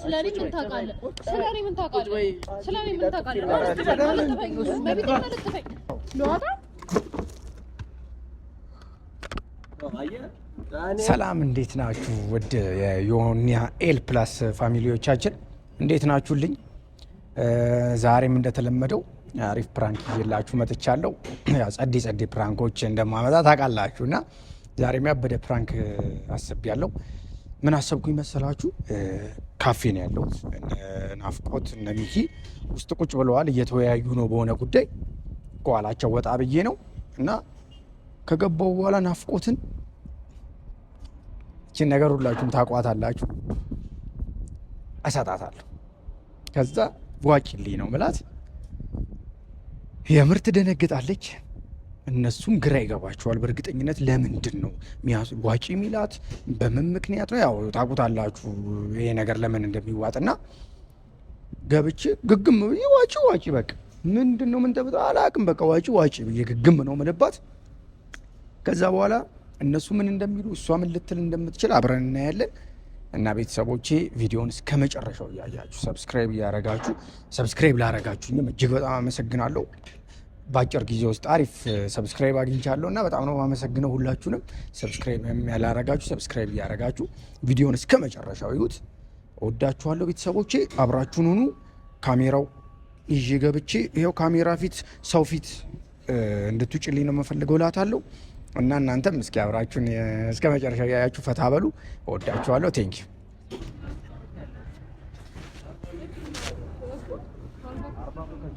ሰላም እንዴት ናችሁ? ውድ የዮኒ ኤል ፕላስ ፋሚሊዎቻችን እንዴት ናችሁልኝ? ዛሬም እንደተለመደው አሪፍ ፕራንክ ይዤላችሁ መጥቻለሁ። ያው ጸዴ ጸዴ ፕራንኮች እንደማመጣ ታውቃላችሁ እና ዛሬም ያበደ ፕራንክ አስቤያለሁ። ምን አሰብኩኝ መሰላችሁ? ካፌ ነው ያለሁት። ናፍቆት እነ ሚኪ ውስጥ ቁጭ ብለዋል፣ እየተወያዩ ነው በሆነ ጉዳይ። ከኋላቸው ወጣ ብዬ ነው እና ከገባው በኋላ ናፍቆትን ይችን ነገር ሁላችሁም ታቋታላችሁ፣ እሰጣታለሁ። ከዛ ቧጭልኝ ነው ምላት፣ የምርት ትደነግጣለች። እነሱም ግራ ይገባቸዋል። በእርግጠኝነት ለምንድን ነው ዋጪ ሚላት በምን ምክንያት ነው? ያው ታውቁታላችሁ ይሄ ነገር ለምን እንደሚዋጥና ገብቼ ግግም ብዬ ዋጪ ዋጪ በቃ ምንድን ነው ምን አላቅም። በቃ ዋጪ ዋጪ ብዬ ግግም ነው ምልባት። ከዛ በኋላ እነሱ ምን እንደሚሉ እሷ ምን ልትል እንደምትችል አብረን እናያለን። እና ቤተሰቦቼ ቪዲዮን እስከ መጨረሻው እያያችሁ ሰብስክራይብ እያረጋችሁ ሰብስክራይብ ላረጋችሁኝም እጅግ በጣም አመሰግናለሁ። በአጭር ጊዜ ውስጥ አሪፍ ሰብስክራይብ አግኝቻለሁ እና በጣም ነው የማመሰግነው። ሁላችሁንም ሰብስክራይብ ያላረጋችሁ ሰብስክራይብ እያረጋችሁ ቪዲዮን እስከ መጨረሻው ይዩት። ወዳችኋለሁ ቤተሰቦቼ፣ አብራችሁን ሁኑ። ካሜራው ይዤ ገብቼ ይኸው ካሜራ ፊት ሰው ፊት እንድትውጭልኝ ነው የምፈልገው ላታለሁ እና እናንተም እስኪ አብራችሁን እስከ መጨረሻው ያያችሁ ፈታ በሉ። ወዳችኋለሁ። ቴንኪው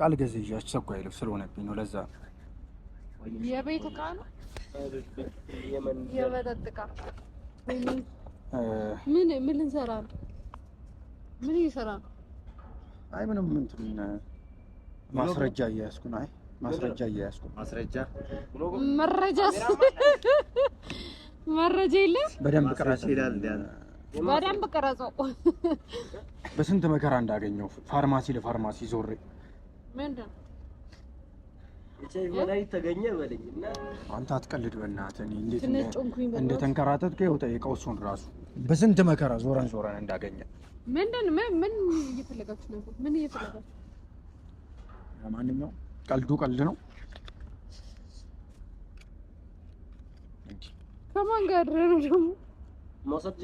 ቃል ገዝቼ አስቸኳይ ልብስ ስለሆነብኝ ነው። ለዛ ነው የቤት ዕቃ ነው የመጠጥ ዕቃ። ምን ምን ልንሰራ ነው? ምን እየሰራ ነው? አይ ምንም እንትን ማስረጃ እያያዝኩ ነው። አይ ማስረጃ እያያዝኩ ማስረጃ መረጃስ መረጃ የለም። በደንብ ቅረጽ ይላል። በደንብ ቅረጽ። በስንት መከራ እንዳገኘው ፋርማሲ ለፋርማሲ ዞሬ አንተ አትቀልድ በእናትህ። እንደ ጠይቀው እሱን በስንት መከራ ዞረን ዞረን እንዳገኘ ምንድን ምን እየፈለጋችሁ ነው? ምን እየፈለጋችሁ ለማንኛውም ቀልዱ ቀልድ ነው። ከማን ጋር ነው ደግሞ መውሰድ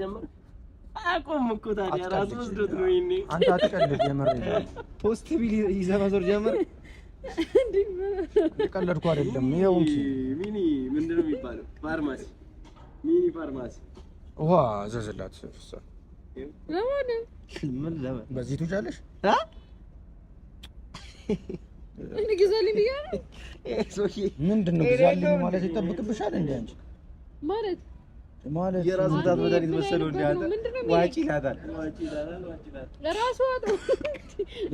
አቆም እኮ ታዲያ ራስ ወስዶት ነው። ይሄኔ አንተ አትቀልድ። የምር ፖስት ቢል ጀምር። አይደለም። ይኸው ሚኒ ምንድን ነው የሚባለው? ፋርማሲ ሚኒ ፋርማሲ ዘዝላት ፍሳ ምን በዚህ ትውጫለሽ? አ ግዛልኝ ብያለሁ። ምንድን ነው ግዛልኝ ማለት ይጠብቅብሻል እንዴ አንቺ ማለት ማለት የራስ ምታት መድኃኒት መሰለው እንደ አንተ ዋጪ ይላታል።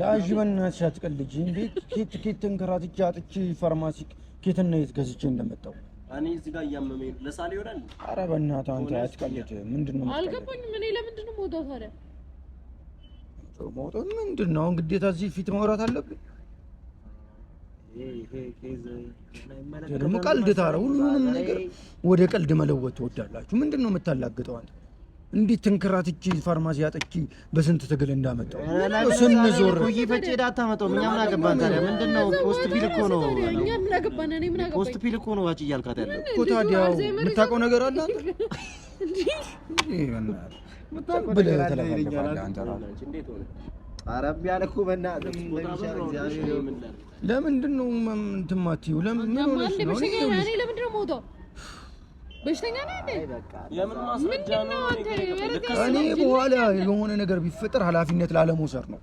ያዥ በእናትሽ አትቀልጂ። እንደ ኪት ኬት ተንከራትቼ አጥቼ ፋርማሲ ኬት እና የት ገዝቼ እንደመጣሁ እኔ እዚህ ጋር እያመመኝ ነው። ለሳሌ ይሆናል። ኧረ በእናትህ አንተ አትቀልጂ። ምንድን ነው አልገባኝም። እኔ ለምንድን ነው የምወጣው ታዲያ? የምወጣው ምንድን ነው ግዴታ እዚህ ፊት ማውራት አለብኝ ደግሞ ቀልድ ታረ ሁሉንም ነገር ወደ ቀልድ መለወጥ ትወዳላችሁ። ምንድን ነው የምታላግጠው አንተ? እንዴት ትንክራትቺ ፋርማሲ አጥቺ በስንት ትግል እንዳመጣው ስንዞር ይፈጭ ዳታ መጣው እኛ ምን አገባን ታዲያ? ነው ፖስት ፒል እኮ ነው እኛ ምን አገባን? እኔ ምን አገባኝ? ፖስት ፒል እኮ ነው ዋጭ እያልካት ያለ እኮ ታዲያ የምታውቀው ነገር አለ አንተ እንዴ? ምናምን ብለህ ተለፋለህ አንተ ራስህ አረም ለምንድን ነው እኔ በኋላ የሆነ ነገር ቢፈጠር ኃላፊነት ላለመውሰድ ነው።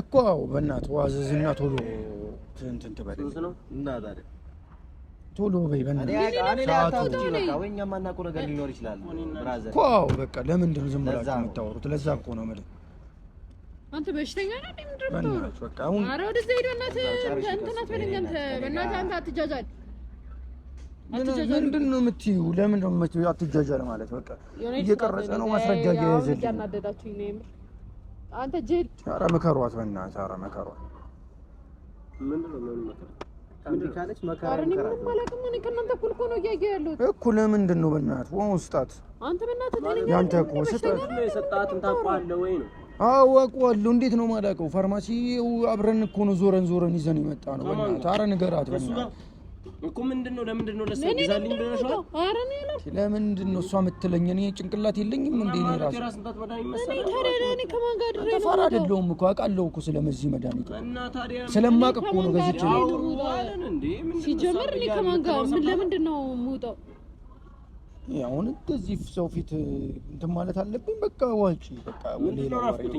እኮ በእናትህ ዋዘዝና ቶሎ እንትን ትበል እና ታዲያ ቶሎ በይ በእናትህ ሊኖር ይችላል እኮ። አዎ በቃ ለምንድን ነው ዝም ብላችሁ የምታወሩት? ለዛ እኮ ነው የምልህ። አንተ በሽተኛ ነህ ነው በቃ አሁን ኧረ ወደዚያ ሄዶ በእናትህ አንተ አትጃጃል። ምንድን ነው የምትይው? ለምን ነው የምትይው? አትጃጃል ማለት በቃ እየቀረጸ ነው ማስረጃ እየያዘልኝ። አንተ ጅል! ኧረ መከሯት በእናትህ ኧረ መከሯት። ምንድን ነው የምንመክረው? እኩል ምንድን ነው? በእናትህ ወ ስጣት ያንተ እኮ ስጣት። አወቀዋለሁ። እንዴት ነው የማላውቀው? ፋርማሲ አብረን እኮ ነው ዞረን ዞረን ይዘን የመጣ ነው። በእናትህ ኧረ ንገራት በእናትህ እኮ ምንድን ነው? ለምንድን ነው ለእሷ ነው? ኧረ ለምንድን ነው እሷ የምትለኝ? እኔ ጭንቅላት የለኝም እንዴ? እኔ ራሱ እኔ ከማን ጋር ድሬ ተፋራ አይደለሁም እኮ አውቃለሁ እኮ ስለመዚህ መድኃኒት ስለማውቅ እኮ ነው ገዝቼ ነው። ሲጀምር እኔ ከማን ጋር ምን ለምንድን ነው የምውጠው? አሁን እንደዚህ ሰው ፊት እንትን ማለት አለብኝ? በቃ ዋልጪ በቃ ወሌላ ወሬ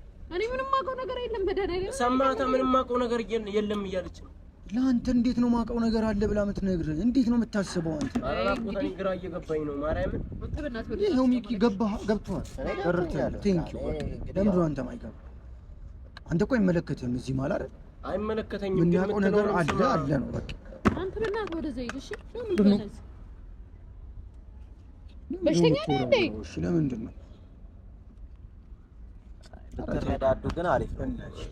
እኔ ምንም ነገር የለም። በደረገ ሰማታ ምንም ማውቀው ነገር የለም እያለች ነው። ለአንተ እንዴት ነው ማውቀው ነገር አለ ብላ የምትነግርህ? እንዴት ነው የምታስበው አንተ? ይኸው ሚኪ አንተ አንተ እኮ አይመለከትህም። እዚህ አይደል አይመለከተኝም። ነገር አለ አለ ነው በቃ። ለምንድን ነው ብትረዳዱ ግን አሪፍ ነው።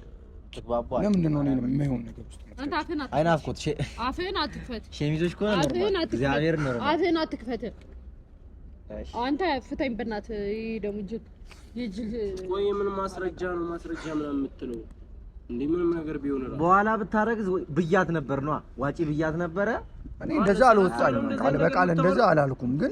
ትግባቡ ለምንድን ነው እኔንም የማይሆን ነገር ውስጥ አይናፍቆት አፍህን አትክፈት። ሸሚዞች ከሆነ እግዚአብሔር ነው አፍህን አትክፈት። አንተ ፍታኝ በእናት ይሄ ደግሞ እጅግ የእጅግ ወይ ምን ማስረጃ ነው ማስረጃ ምን የምትለው እንዴ? ምንም ነገር ቢሆን ነው በኋላ ብታረግዝ ብያት ነበር ነው ዋጪ ብያት ነበረ። እኔ እንደዛ አልወጣኝም፣ ቃል በቃል እንደዛ አላልኩም ግን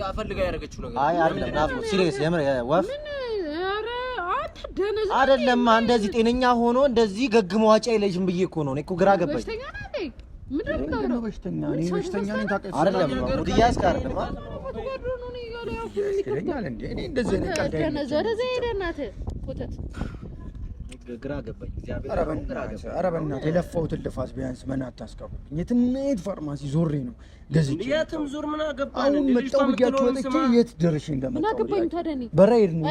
ያፈልጋ ያደረገችው አይደለም። እንደዚህ ጤነኛ ሆኖ እንደዚህ ገግሞ ዋጫ የለሽም ብዬ እኮ ነው። እኔ እኮ ግራ ገባኝ። በሽተኛ ግራ ገባኝ። ኧረ በእናትህ የለፋሁትን ልፋት ቢያንስ መና አታስቀሩብኝ። የትናየት ፋርማሲ ዞሬ ነው ገዝቼ የትም ዞር ምን አገባኝ። አሁን መጣሁ ብያችሁ ወጥቼ የት ደርሼ እንደመጣሁ ምን ነው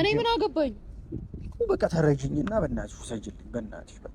እኔ ምን አገባኝ። በቃ ተረጅኝና በእናትሽ ውሰጅልኝ በእናትሽ በቃ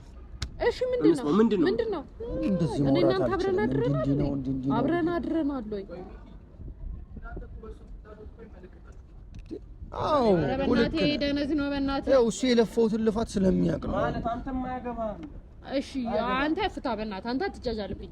እሺ ምንድን ነው ምንድን ነው? እኔ እናንተ አብረን አድረናል አብረን አድረናል ወይ? አዎ ሁለት ደነዝ ነው። በእናትህ ያው እሱ የለፋሁትን ልፋት ስለሚያውቅ ነው። እሺ አንተ ፍታ፣ በእናትህ አንተ አትጃጃልብኝ።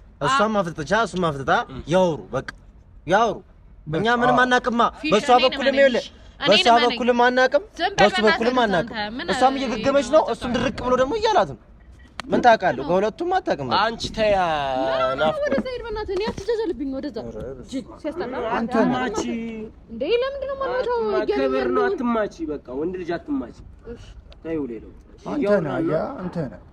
እሷም አፍጥጥቻ እሱም አፍጥጣ ያውሩ፣ በቃ ያውሩ። እኛ ምንም አናቅማ። በእሷ በኩልም ይኸውልህ፣ በእሷ በኩልም አናቅም፣ በእሱ በኩልም አናቅም። እሷም እየገገመች ነው፣ እሱም ድርቅ ብሎ ደግሞ እያላት ነው። ምን ታውቃለህ? ከሁለቱም አታውቅም። አንቺ ተይ ወደ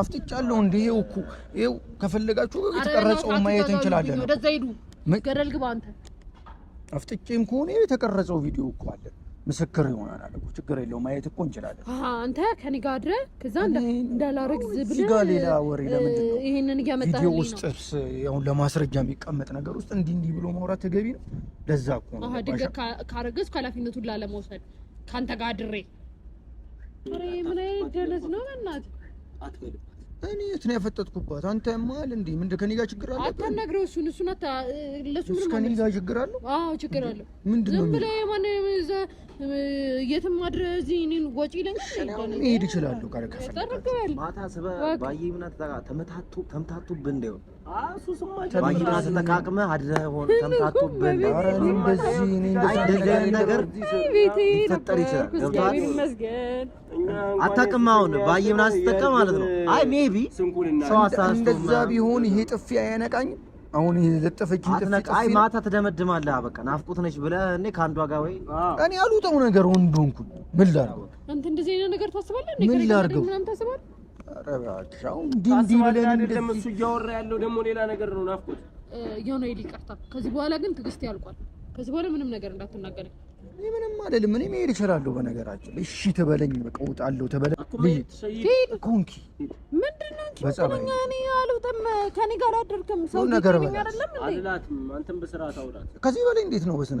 አፍጥጫለሁ። እንደ ይሄው እኮ ይሄው ከፈለጋችሁ የተቀረጸው ማየት እንችላለን። ወደዛ ሂዱ፣ ገደል ግባ አንተ። አፍጥጬም ከሆነ የተቀረጸው ቪዲዮ እኮ አለ፣ ምስክር ይሆናል። እኮ ችግር የለው ማየት እኮ እንችላለን። አንተ ከኔ ጋር አድረህ ከዛ እንዳላረግዝ ብለህ ሌላ ወሬ ለምንድን ነው ይሄንን እያመጣህ ቪዲዮ ውስጥ ያው ለማስረጃ የሚቀመጥ ነገር ውስጥ እንዲህ እንዲህ ብሎ ማውራት ተገቢ ነው? ለዛ እኮ ነው ድንገት ካረገዝኩ ኃላፊነቱን ላለመውሰድ ከአንተ ጋር አድሬ ምን አይነት ደነዝ ነው በእናትህ እኔ የት ነው ያፈጠጥኩባት? አንተ ማል እንዴ ምንድን ከኔ ጋር ችግር አለ? አታናግረው እሱን እሱን አታ ለሱ ምንም ከኔ ጋር ችግር አለ? አዎ ችግር አለ። ምንድን ነው ዝም ብለህ የማን እዛ የትም አድረህ እዚህ እኔን ወጪ ይለኛል። ይሄድ ይችላል። ማታ ስበህ ባየህ ምናምን ተመታቱ ተምታቱብህ እንዳይሆን ተመሂና ተጠቃቅመህ አድረህ ሆነ ተምታቶብህ እንደዚህ አይነት ነገር ሊፈጠር ይችላል። አታውቅም። አሁን ባየ ምናምን ስትጠቀም ማለት ነው። አይ ሜቢ ሰው እንደዛ ቢሆን ይሄ ጥፊ አያነቃኝም። አሁን የለጠፈች አይ ማታ ትደመድማለህ። በቃ ናፍቆት ነች ብለህ እኔ ከአንዷ ጋር ወይ እኔ አልወጣው ነገር ወንድ ሆንኩኝ። ምን ላድርገው? አንተ እንደዚህ አይነት ነገር ታስባለህ? ምን ላድርገው? እሱ እያወራ ያለው ደግሞ ሌላ ነገር ነው። ናፍቆት የሆነ ይቅርታ። ከዚህ በኋላ ግን ትዕግስት ያልቋል። ከዚህ በኋላ ምንም ነገር እንዳትናገረኝ። እኔ ምንም አይደለም። እኔ መሄድ እችላለሁ። በነገራችን እሺ ተበለኝ፣ በቃ እወጣለሁ። ተበለኝ ምንድን ነው እኔ ከኔ ጋር አደርክም ሰው ነገር አይደለም። ከዚህ በላይ እንዴት ነው? በስነ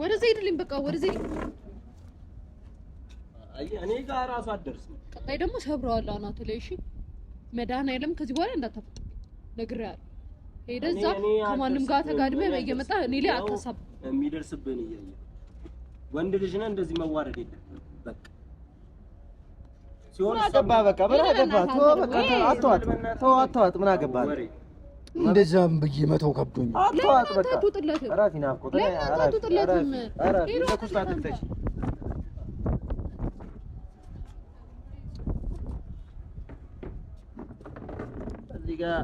ወደዚያ ሄድልኝ። በቃ ወደዚያ እኔ ጋር እራሱ አትደርስም። ቀጣይ ደግሞ ሰብረዋለሁ አናቱ ላይ። እሺ መድኃኒዓለም ከዚህ በኋላ እንዳታፈጥ ነግሬሃለሁ። ሄደህ እዛ ከማንም ጋር ተጋድመህ እየመጣህ እኔ ላይ አታሳብ። የሚደርስብህን እያየህ ወንድ ልጅ ነህ፣ እንደዚህ መዋረድ የለብህም። በቃ ሲሆን አገባህ። በቃ ምን አገባህ? ተወው በቃ ተወው። አተዋት ተወው አተዋት። ምን አገባህ? እንደዛም ብዬ መተው ከብዶኝ አጥዋት በቃ አትውጥለት። አራፊ ናፍቆት ላይ አራፊ አራፊ ተኩስታት ልተሽ እዚህ ጋር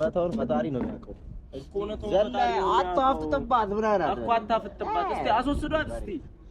መተውን ፈጣሪ ነው የሚያውቀው እኮ ነው። ተወጣጣ አጣፍጥባት ምናምን አጣፍጥባት እስቲ አስወስዷት እስቲ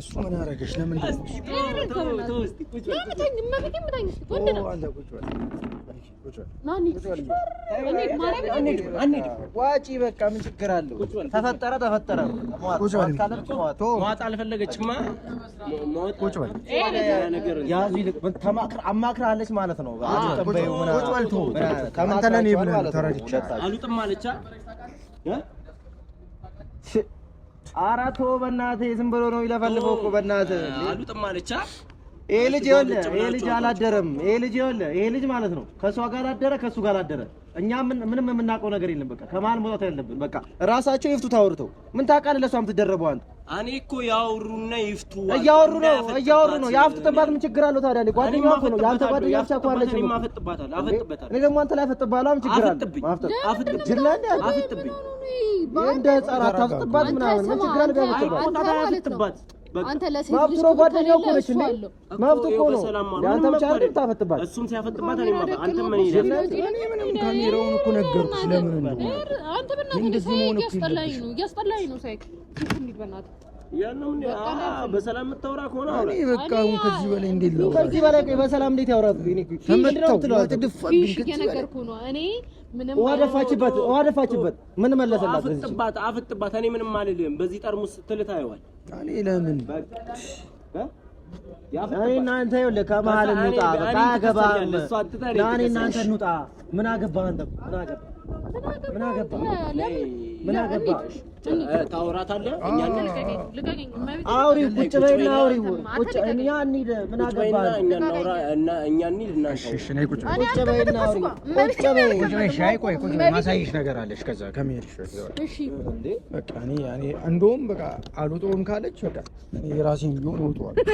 እሱ ምን አደረገሽ? ለምን ዋጪ? በቃ ምን ችግር አለው? ተፈጠረ ተፈጠረ። መዋጥ አልፈለገችማ። አማክራለች ማለት ነው። ተረድቻለሁ አራት በእናትህ ዝም ብሎ ነው ይለፈልፈው እኮ በእናትህ አሉጥም አለች ይሄ ልጅ ይኸውልህ፣ ይሄ ልጅ አላደረም። ይሄ ልጅ ይኸውልህ፣ ይሄ ልጅ ማለት ነው ከእሷ ጋር አደረ፣ ከእሱ ጋር አደረ። እኛ ምንም የምናውቀው ነገር የለም። በቃ ከመሀል መውጣት ያለብን በቃ እራሳቸው ይፍቱት። አውርተው ምን ታውቃለህ? ለእሷ የምትደረበው አንተ እኔ እኮ ያወሩና ይፍቱ፣ እያወሩ ነው፣ እያወሩ ነው። ያፍጥጥባት ምን ችግር አለው ታዲያ? ጓደኛዋ ነው ያንተ ጓደኛ ብቻ እኮ አለች። እኔ ደግሞ አንተ ላይ አፈጥባለሁ። ምን ችግር አለው? አፈጥብኝ፣ እንደ ሕፃን አታፍጥባት ምናምን። ምን ችግር አለው? አፈጥባት አንተ ለሴት ልጅ ጓደኛው እኮ ነች እንዴ? መብት እኮ ነው። ያንተ ብቻ አይደል ታፈጥባት፣ እሱም ሲያፈጥባት እኔ አንተ ምን ይላል? እኔ ምንም ካሜራውን እኮ አንተ ነው። ነው፣ ነው። ሳይክ በሰላም ነው? በሰላም ምንም በዚህ ጠርሙስ ትልታ ይዋል እኔ ለምን እኔ እናንተ ይኸውልህ ከመሀል እንውጣ። በቃ አያገባህም። እኔ እናንተ እንውጣ። ምን አገባህ አንተ? ምን አገባህ ምን አገባ ታወራታለህ? አውሪው፣ ቁጭ በይና ማሳይሽ ነገር አለሽ። ከዛ ከመሄድሽ እንደውም በቃ አልወጣሁም ካለች በቃ የራሴን ቢሆን እወጣዋለሁ።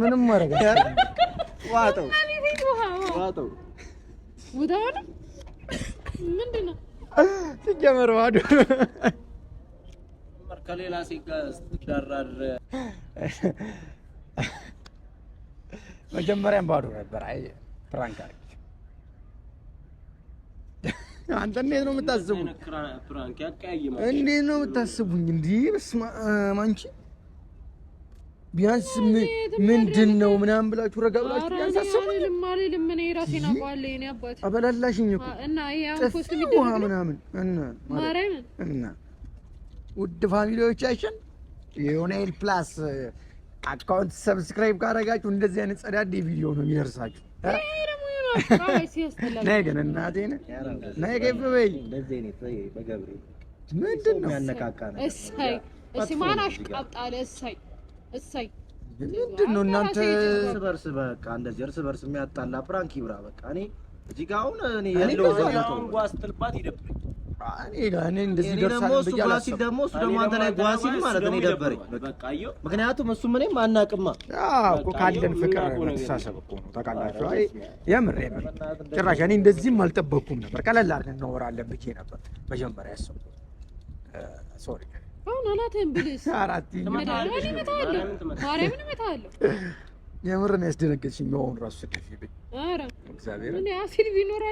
ምንም ማድረግ ዋጠው ምንድን ነው ሲጀመር ባዶ ከሌላ ሴት መጀመሪያም ባዶ ነበር። አይ ፕራንክ አድርጊ። አንተ እንዴት ነው የምታስቡኝ? እንዴት ነው የምታስቡኝ? እንዲህ በስመ አብ አንቺ ቢያንስ ምንድን ነው ምናምን ብላችሁ ረጋ ብላችሁ አበላላሽኝ እኮ ጥፊ ውሃ ምናምን እና ውድ ፋሚሊዎቻችን የዮናኤል ፕላስ አካውንት ሰብስክራይብ ካረጋችሁ እንደዚህ አይነት ጸዳዴ ቪዲዮ ነው የሚደርሳችሁ። ነይ ግን እናቴን ነይ ገብ በይ። ምንድን ነው እሳይ ማን አሽቃብጣለ እሳይ እሰይ ምንድን ነው እናንተ እርስ በርስ በቃ እንደዚህ እርስ በርስ የሚያጣላ ፕራንክ ይብራ። በቃ እኔ እዚህ ጋር አሁን እኔ ያለው ዘመን ስትልባት ይደብረኝ። ምክንያቱም እሱ ምንም እኮ ካለን ፍቅር መተሳሰብ እኮ ነው። ታውቃላችሁ፣ የምር የምር ጭራሽ እኔ እንደዚህም አልጠበኩም ነበር። ቀለል አድርገን እናወራለን ብዬ ነበር መጀመሪያ ያሰብኩት። ሶሪ አሁን አናትህን ብልስ ማርያምን እመታለሁ። የምር ነው ያስደነገጥሽኝ። የሆኑ ራሱ ደፊብኝ እግዚአብሔር ቢኖር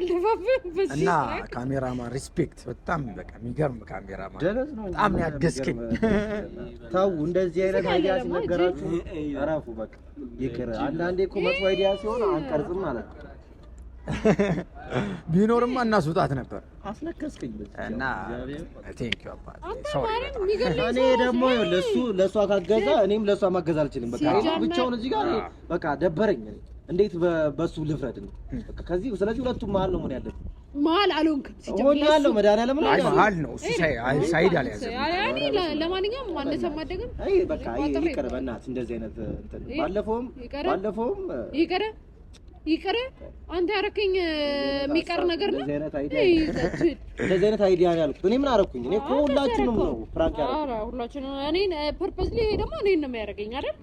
እና ካሜራማን ሪስፔክት በጣም በቃ የሚገርም ካሜራማን በጣም ያገዝከኝ። ተው እንደዚህ አይነት አይዲያ ሲነገራችሁ እረፉ፣ በቃ ይቅር። አንዳንዴ እኮ መጥፎ አይዲያ ሲሆን አንቀርጽም ማለት ነው ቢኖርማ እናስውጣት ነበር እና እኔ ደግሞ ለሱ ለእሷ ካገዛ እኔም ለእሷ ማገዝ አልችልም። በቃ ብቻውን እዚህ ጋር በቃ ደበረኝ። እንዴት በሱ ልፍረድ ነው? ከዚህ ስለዚህ ሁለቱም መሀል ነው መሆን ያለብን። መሀል አልሆንክም። መድኃኒዓለም መሀል ነው እሱ ሳይድ ለማንኛውም ማነሰብ ማደግም በቃ ይቅር፣ በእናትህ እንደዚህ አይነት ባለፈውም ባለፈውም ይቅር ይቅር አንተ ያረከኝ የሚቀር ነገር ነው። እንደዚህ አይነት አይዲያ ነው ያልኩት። እኔ ምን አረኩኝ? እኔ እኮ ሁላችንም ነው ፍራንክ ያደረኩት። አረ ሁላችንም እኔን ፐርፐዝሊ ይሄ ደግሞ እኔን ነው የሚያደርገኝ አይደል?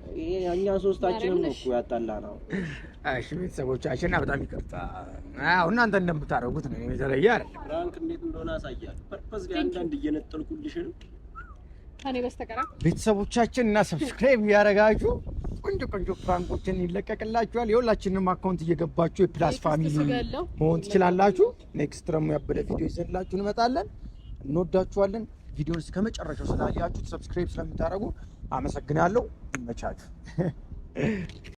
እኛ ሶስታችንም ነው እኮ ያጣላ ነው። እሺ ቤተሰቦቻችን በጣም ይቅርታ። አዎ እናንተ እንደምታደርጉት ነው የተለየ አይደል? ፍራንክ እንዴት እንደሆነ አሳያለሁ። ፐርፐዝሊ አንዳንድ እየነጠልኩልሽ ነው ከኔ በስተቀር ቤተሰቦቻችን እና ሰብስክራይብ ያደረጋችሁ ቆንጆ ቆንጆ ፍራንኮችን ይለቀቅላችኋል። የሁላችንም አካውንት እየገባችሁ የፕላስ ፋሚሊ መሆን ትችላላችሁ። ኔክስት ደግሞ ያበደ ቪዲዮ ይዘንላችሁ እንመጣለን። እንወዳችኋለን። ቪዲዮን እስከ መጨረሻው ስላያችሁት ሰብስክራይብ ስለምታደርጉ አመሰግናለሁ። ይመቻችሁ።